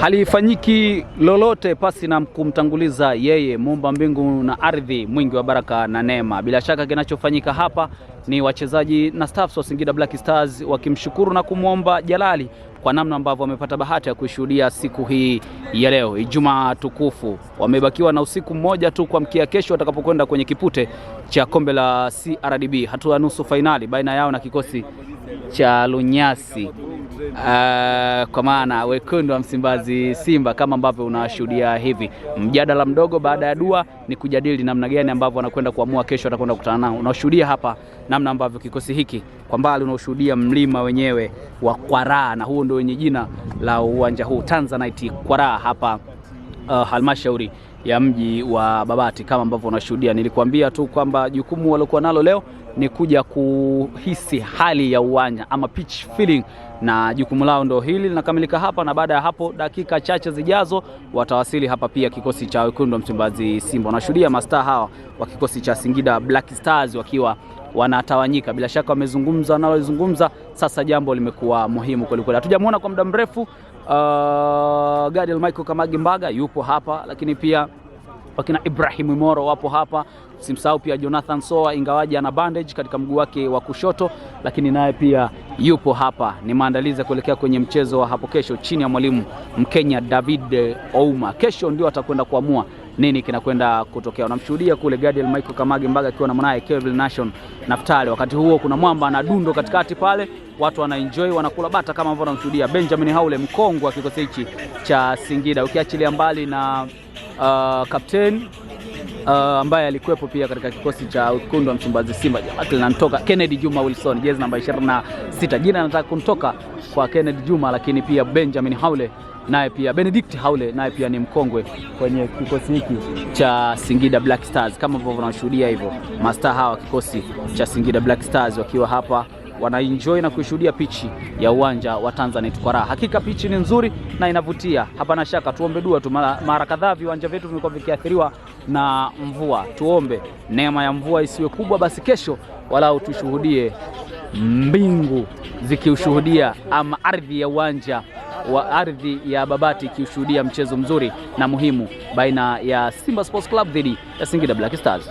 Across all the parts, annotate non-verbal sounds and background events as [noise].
halifanyiki lolote pasi na kumtanguliza yeye muumba mbingu na ardhi, mwingi wa baraka na neema. Bila shaka kinachofanyika hapa ni wachezaji na staff wa Singida Black Stars wakimshukuru na kumwomba Jalali kwa namna ambavyo wamepata bahati ya kushuhudia siku hii ya leo, Ijumaa tukufu. Wamebakiwa na usiku mmoja tu kuamkia kesho watakapokwenda kwenye kipute cha kombe la CRDB, hatua ya nusu fainali baina yao na kikosi cha Lunyasi uh, kwa maana wekundu wa Msimbazi Simba, kama ambavyo unashuhudia hivi. Mjadala mdogo baada ya dua ni kujadili namna gani ambavyo wanakwenda kuamua kesho watakwenda kukutana nao. Unashuhudia hapa namna ambavyo kikosi hiki kwa mbali, unaoshuhudia mlima wenyewe wa Kwaraa, na huo ndio wenye jina la uwanja huu Tanzanite Kwaraa hapa uh, halmashauri ya mji wa Babati kama ambavyo unashuhudia. Nilikuambia tu kwamba jukumu waliokuwa nalo leo ni kuja kuhisi hali ya uwanja ama pitch feeling, na jukumu lao ndio hili linakamilika hapa, na baada ya hapo dakika chache zijazo watawasili hapa pia kikosi cha wekundu wa Msimbazi Simba. Wanashuhudia mastaa hawa wa kikosi cha Singida Black Stars wakiwa wanatawanyika bila shaka, wamezungumza wanalozungumza. Sasa jambo limekuwa muhimu kwelikweli, hatujamwona kwa muda mrefu. Uh, Gadiel Michael Kamagi Mbaga yupo hapa, lakini pia wakina Ibrahim Moro wapo hapa, simsahau pia Jonathan Soa, ingawaje ana bandage katika mguu wake wa kushoto, lakini naye pia yupo hapa. Ni maandalizi ya kuelekea kwenye mchezo wa hapo kesho chini ya mwalimu Mkenya David Ouma. Kesho ndio atakwenda kuamua nini kinakwenda kutokea. Unamshuhudia kule Gadiel Michael Kamage Mbaga akiwa na mwanaye Kevin Nation Naftali. Wakati huo kuna mwamba na dundo katikati pale, watu wanaenjoy wanakula bata kama ambavyo unamshuhudia Benjamin Haule mkongwe wa kikosi hichi cha Singida, ukiachilia mbali na uh, captain uh, ambaye alikuwepo pia katika kikosi cha ukundu wa Msimbazi Simba. Jina lake linanitoka, Kennedy Juma Wilson, jezi namba 26. Jina nataka kumtoka kwa Kennedy Juma, lakini pia Benjamin Haule naye pia Benedict Haule naye pia ni mkongwe kwenye kikosi hiki cha Singida Black Stars, kama ambavyo unashuhudia hivyo mastaa hawa kikosi cha Singida Black Stars wakiwa hapa wanaenjoy na kushuhudia pichi ya uwanja wa Tanzanite kwa raha. Hakika pichi ni nzuri na inavutia, hapana shaka. Tuombe dua tu, mara kadhaa viwanja vyetu vimekuwa vikiathiriwa na mvua. Tuombe neema ya mvua isiwe kubwa, basi kesho walau tushuhudie mbingu zikiushuhudia ama ardhi ya uwanja wa ardhi ya Babati ikiushuhudia mchezo mzuri na muhimu baina ya Simba Sports Club dhidi ya Singida Black Stars.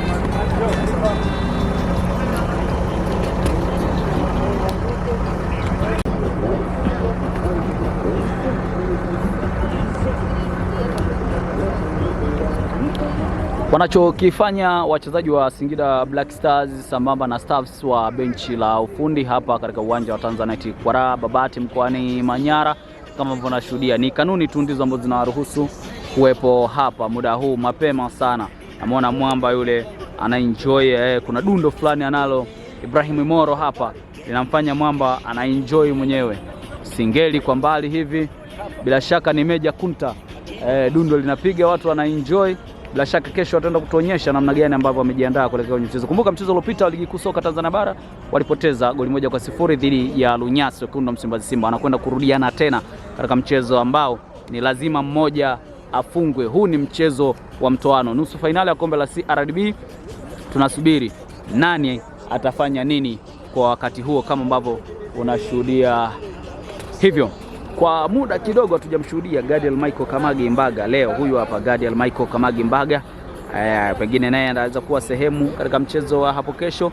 Wanachokifanya wachezaji wa Singida Black Stars sambamba na staffs wa benchi la ufundi hapa katika uwanja wa Tanzanite kwa Babati mkoani Manyara, kama ambavyo nashuhudia, ni kanuni tu ndizo ambazo zinawaruhusu kuwepo hapa muda huu mapema sana. Namuona mwamba yule anaenjoy eh, kuna dundo fulani analo Ibrahim Moro hapa linamfanya mwamba anaenjoy mwenyewe. Singeli kwa mbali hivi, bila shaka ni Meja Kunta eh, dundo linapiga watu wanaenjoy bila shaka kesho wataenda kutuonyesha namna gani ambavyo wamejiandaa kuelekea kwenye mchezo. Kumbuka mchezo uliopita wa ligi kuu soka Tanzania bara walipoteza goli moja kwa sifuri dhidi ya Lunyasi wekundu wa Msimbazi Simba. Wanakwenda kurudiana tena katika mchezo ambao ni lazima mmoja afungwe. Huu ni mchezo wa mtoano, nusu fainali ya kombe la CRDB. Tunasubiri nani atafanya nini kwa wakati huo, kama ambavyo unashuhudia hivyo. Kwa muda kidogo hatujamshuhudia Gadiel Michael Kamagi Mbaga. Leo huyu hapa Gadiel Michael Kamagi Mbaga, e, pengine naye anaweza kuwa sehemu katika mchezo wa hapo kesho.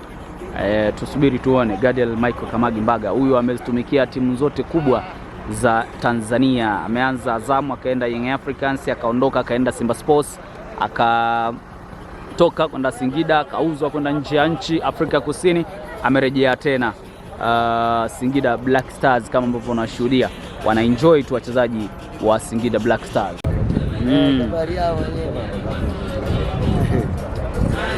E, tusubiri tuone. Gadiel Michael Kamagi Mbaga huyu amezitumikia timu zote kubwa za Tanzania. Ameanza Azamu, akaenda Young Africans, akaondoka akaenda Simba Sports, akatoka kwenda Singida, akauzwa kwenda nje ya nchi Afrika Kusini, amerejea tena uh, Singida Black Stars kama ambavyo unashuhudia wanaenjoy tu wachezaji wa Singida Black Stars. Eh, mm. [laughs]